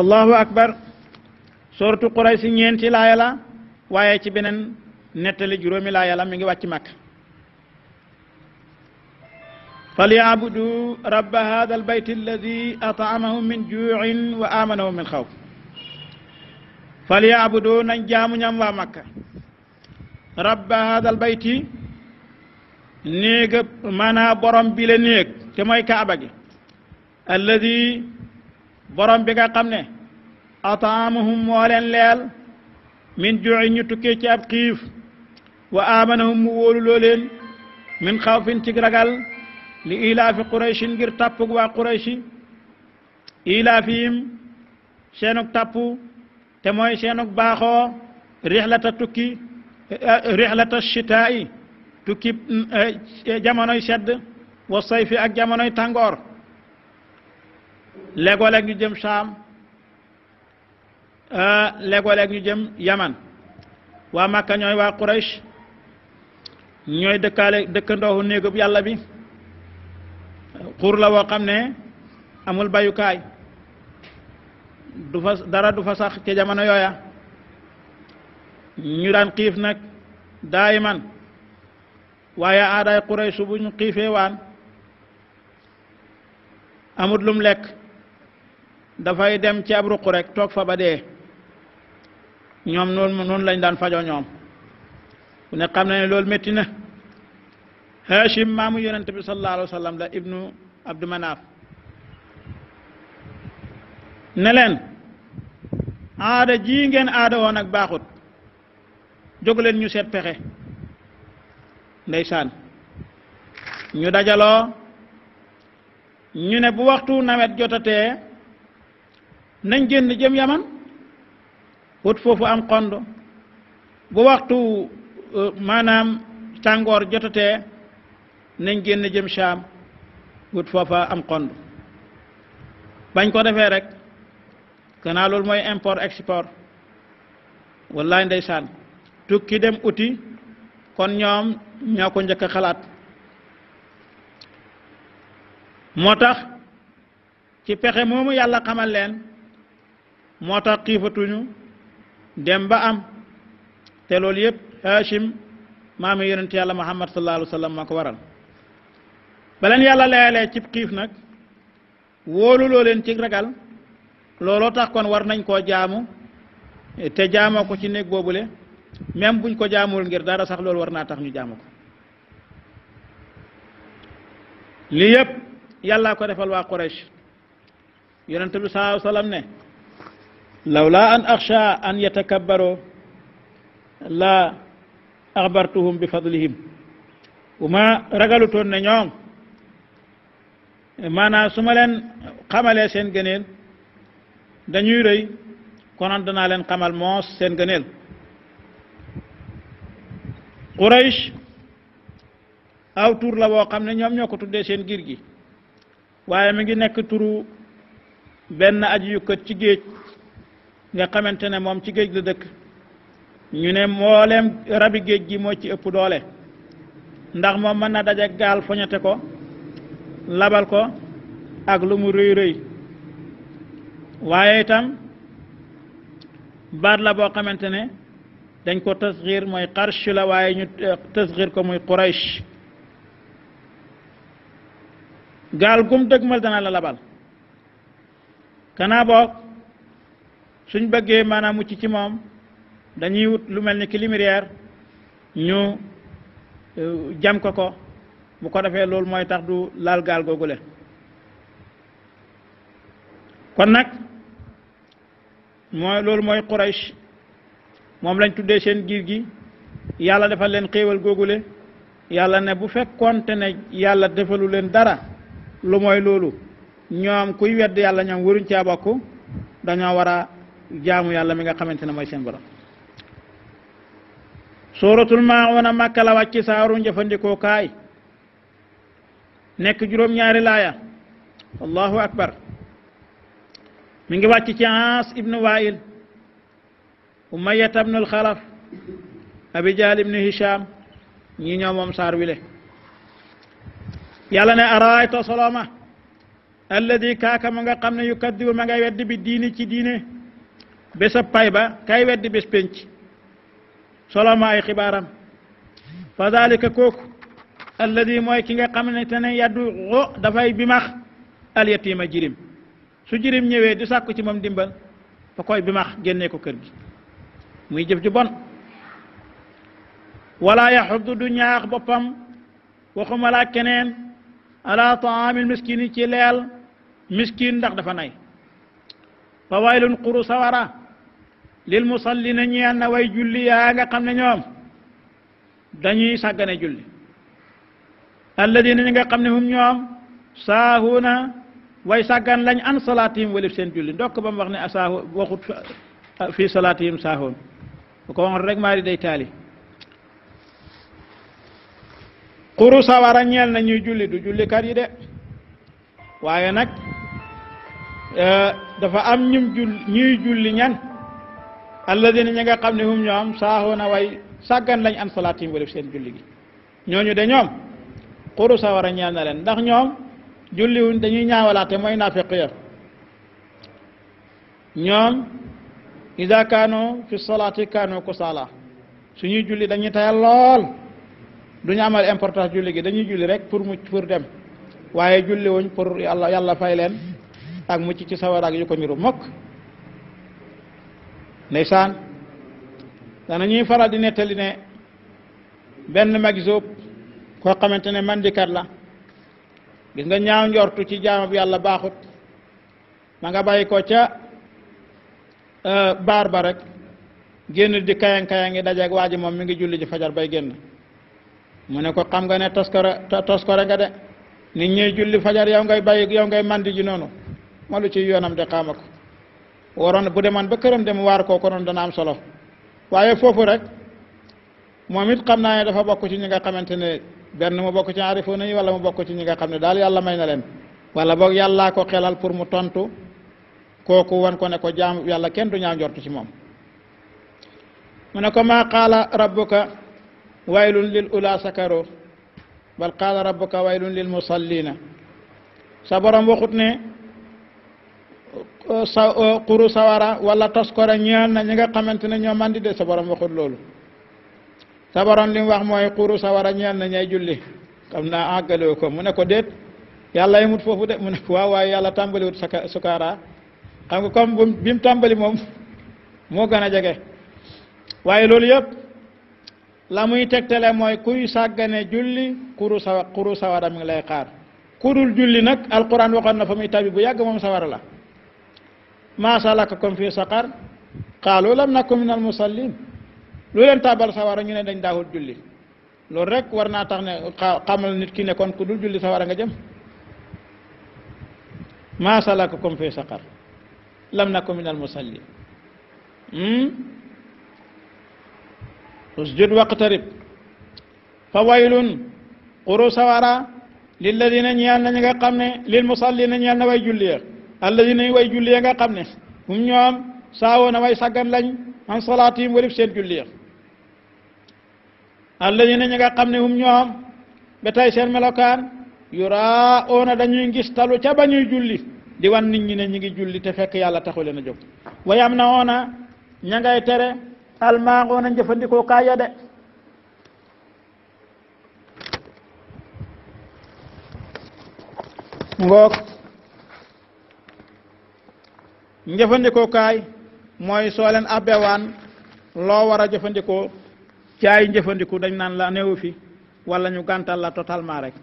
allahu akbar sortu Quraysh ñeenti laaya la waaye ci beneen nettali juróomi laaya la mi ngi wàcc Makka falyabudu rabba hada albayt alladi ataamahum min juuin wa amanahum min xawf falyabudu nañ jaamu ñam waa Makka rabba hada albayti néega maanaa borom bi la néeg te mooy Kaaba gi alladi borom bi nga xam ne ataamuhum moo leen leel min juuxi ñu tukkee ci ab xiif wa aamanahum mu wóolu leen min xawfin ci ragal li ilaafi quraychin ngir tàppug waa quraychi ilaafihim seenug tàpp te mooy seenug baaxoo rixlata tukki rixlata chitaa'i tukki jamonoy sedd wa sayfi ak jamonoy tàngoor léegoo-léeg jëm Saam euh, léegoo-léeg jëm Yaman waa Makka ñooy waa Quraysh ñooy dëkkaale dëkkandoohu néegub yàlla bi xur la woo xam ne amul bayukaay du fa dara du fa sax ca jamono yooya ñu daan kiif nag daayiman waaye aadaay Quraysh bu ñu xiifee waan amut lum lekk dafay dem ci ab ruq rek toog fa ba dee ñoom noonu noonu lañ daan fajoo ñoom ku ne xam na ne loolu metti na Hachim maamu yonente bi sallallahu alayhi wa sallam la ibnu Abdu Manaaf ne leen aada ji ngeen aada woon ak baaxut jóg leen ñu seet pexe ndeysaan ñu dajaloo ñu ne bu waxtu nawet jotatee nañ génn jëm yaman wut foofu am xondo bu waxtu euh, maanaam tàngoor jotatee nañ génn jëm Saam wut foofa am xond bañ ko defee rek gannaaw loolu mooy import export wallaay ndeysaan tukki dem uti kon ñoom ñoo ko njëkk xalaat moo tax ci pexe moomu yàlla xamal leen moo tax xiifatuñu dem ba am te loolu yëpp Hachim maami yonent yàlla Muhammad sallallahu alayhi wa sallam moo ko waral baleen yàlla layalee cib kiif nag wóolu loo leen ci ragal looloo tax kon war nañ koo jaamu te jaamoo ko ci néeg boobule même buñ ko jaamul ngir dara sax loolu war naa tax ñu jaamu ko lii yëpp yàllaa ko refal waa Quraysh yonent bi sallallahu alayhi ne lawla an axsha an yatakabbaroo la axbartuhum bi fadlihim bu ma ragalutoon ne ñoom maanaam su ma leen xamalee seen gëneel dañuy rëy konoon danaa leen xamal moos seen gëneel Quraysh aw tur la woo xam ne ñoom ñoo ko seen giir gi waaye mi ngi nekk turu benn aji yukkat ci géej nga xamante ne moom ci géej la dëkk ñu ne mboolem rabi géej gi moo ci ëpp doole ndax moom mën na daje gaal foñate ko labal ko ak lu mu rëy rëy waaye itam baat la boo xamante ne dañ ko tasxiir mooy xarsh waaye ñu eh, tasxiir ko muy quraysh gaal gum dëgmal dana la labal kana boog suñ bëggee maanaam mucc ci moom dañuy wut lu mel ni ki lumière ñu euh, jam ko ko bu ko defee loolu mooy tax du laal gaal le kon nag mooy loolu mooy Quraysh moom lañ tuddee seen giir gi yàlla defal leen xéewal googule yàlla ne bu fekkoonte ne yàlla defalu leen dara lu mooy loolu ñoom kuy wedd yàlla ñoom waruñ caa dañoo war jaamu yàlla mi nga xamante ne mooy seen borom sooratul maa'uuna makka la wàcc saaru njëfandikoo nekk juróom-ñaari laaya allahu akbar mi ngi wàcc ci aas ibnu wail umayata ibnu alxalaf abijal ibnu hisham ñi ñoo moom saar wile yàlla ne araayta soloma alladi kaaka ma nga xam ne yukaddibu bi diini ci diine a pay ba kay weddi bés pénc soloma ay xibaaram fa dalika kooku alladi mooy ki nga xam ne te ne yaddu xo dafay bimax al yatima jirim su jirim ñëwee di sàkku ci moom dimbal fa koy bimax génnee ko kër gi muy jëf ju bon wala yaxuddu du ñaax boppam waxuma laa keneen ala taamil miskin yi ci leel miskin ndax dafa nay fa waylun quru sawara lil musalli na ñeen na way julli yaa nga xam ne ñoom dañuy sàggane julli alladina ñi nga xam ne hum ñoom saahuuna way sàggan lañ an salaatihim walif seen julli ndokk ba mu wax ne a saahu waxut fii salaatihim saahuun bu ko waxoon rek maa day taali xuru sawara ñeel na ñuy julli du jullikat yi de waaye nag eh, dafa am ñum jul ñuy julli ñan alladina ñi nga xam ne hum ñoom saahoona way sàggan lañ an salaatihim walif seen julli gi ñooñu de ñoom xuru sawara ñeel na leen ndax ñoom julliwuñ dañuy ñaawalaate mooy naafeq ya ñoom ida kaanu fi salaati kaanu kusaala suñuy julli dañuy tayal lool duñu amal importance julli gi dañuy julli rek pour mucc pour dem waaye julli wuñ pour yàlla yàlla fay leen ak mucc ci sawara ak yu ko niru mokk neysan dana ñuy faral di nettali ne benn magisob koo xamante ne mandikat la gis nga ñaaw njortu ci jaama bi yàlla baaxut ma nga bàyyi ko ca euh, baar ba rek génn di kayan kayan ngi dajeeg waaji moom mi ngi julli ji fajar bay génn mu ne ko xam nga ne toskore toskore nga de nit ñuy julli fajar yow ngay bàyyi yow ngay mandi ji noonu ma lu ci yoonam de xaama ko waroon bu demoon ba këram dem waar koo konoon dana am solo waaye foofu rek moom it xam naa ne dafa bokk ci ñi nga xamante ne benn mu bokk ci aarifoona yi wala mu bokk ci ñi nga xam ne daal yàlla may na leen wala boog yàllaa ko xelal pour mu tontu kooku wan ko ne ko jaam yàlla kenn du ñaaw jortu ci moom mu ne ko maa qaala rabbuka waylun lil ula sakaro bal qaala rabbuka waylun lil musallina sa borom waxut ne Eh, eh, kuru sawara wala toskora ñaan na ñinga xamantene ñoo mandi de sa borom waxul loolu sa borom lim wax mooy xuru sawara ñaan na ñay julli xam naa àggale ko mu ne ko déet yàlla yemut foofu de mu ne ko waaw waaw yàlla tàmbaliwut saka sukaara xam nga comme bi mu tàmbali moom moo gën a jege waaye la muy tegtale mooy kuy sàggane julli kuru sawa kuru sawara mi ngi lay xaar ku julli nag alquran waxoon na fa muy tabi bu sawara la ma salakakum fi saqar qaalu lam naku min al musallin lu leen tàbbal sawara ñu ne dañ daawul julli loolu rek war naa tax ne xamal nit ki ne kon ku dul julli sawara nga jëm ma salakakum fi saqar lam naku min al musallin hmm? usjud waqtarib fa waylun quru sawara lilladina ñeel na ñi nga xam ne lil musallina ñeel na way julli ya alladina yi way julli nga xam ne um ñoom saawoo na way saggan lañ an salaatihim walif seen julli alladina ñi nga xam ne um ñoom ba seen melokaan yuraa oona dañuy gis talu ca ñuy julli di wan nit ñi ne ñi ngi julli te fekk yàlla taxu leen a jóg wayam na oona ña tere almaagoona njëfandikoo kaaya de njëfandikoo kaay mooy soo leen abbewaan loo war a jëfandikoo caay njëfandiku dañ naan la néew fi wala ñu gàntal la totalement rek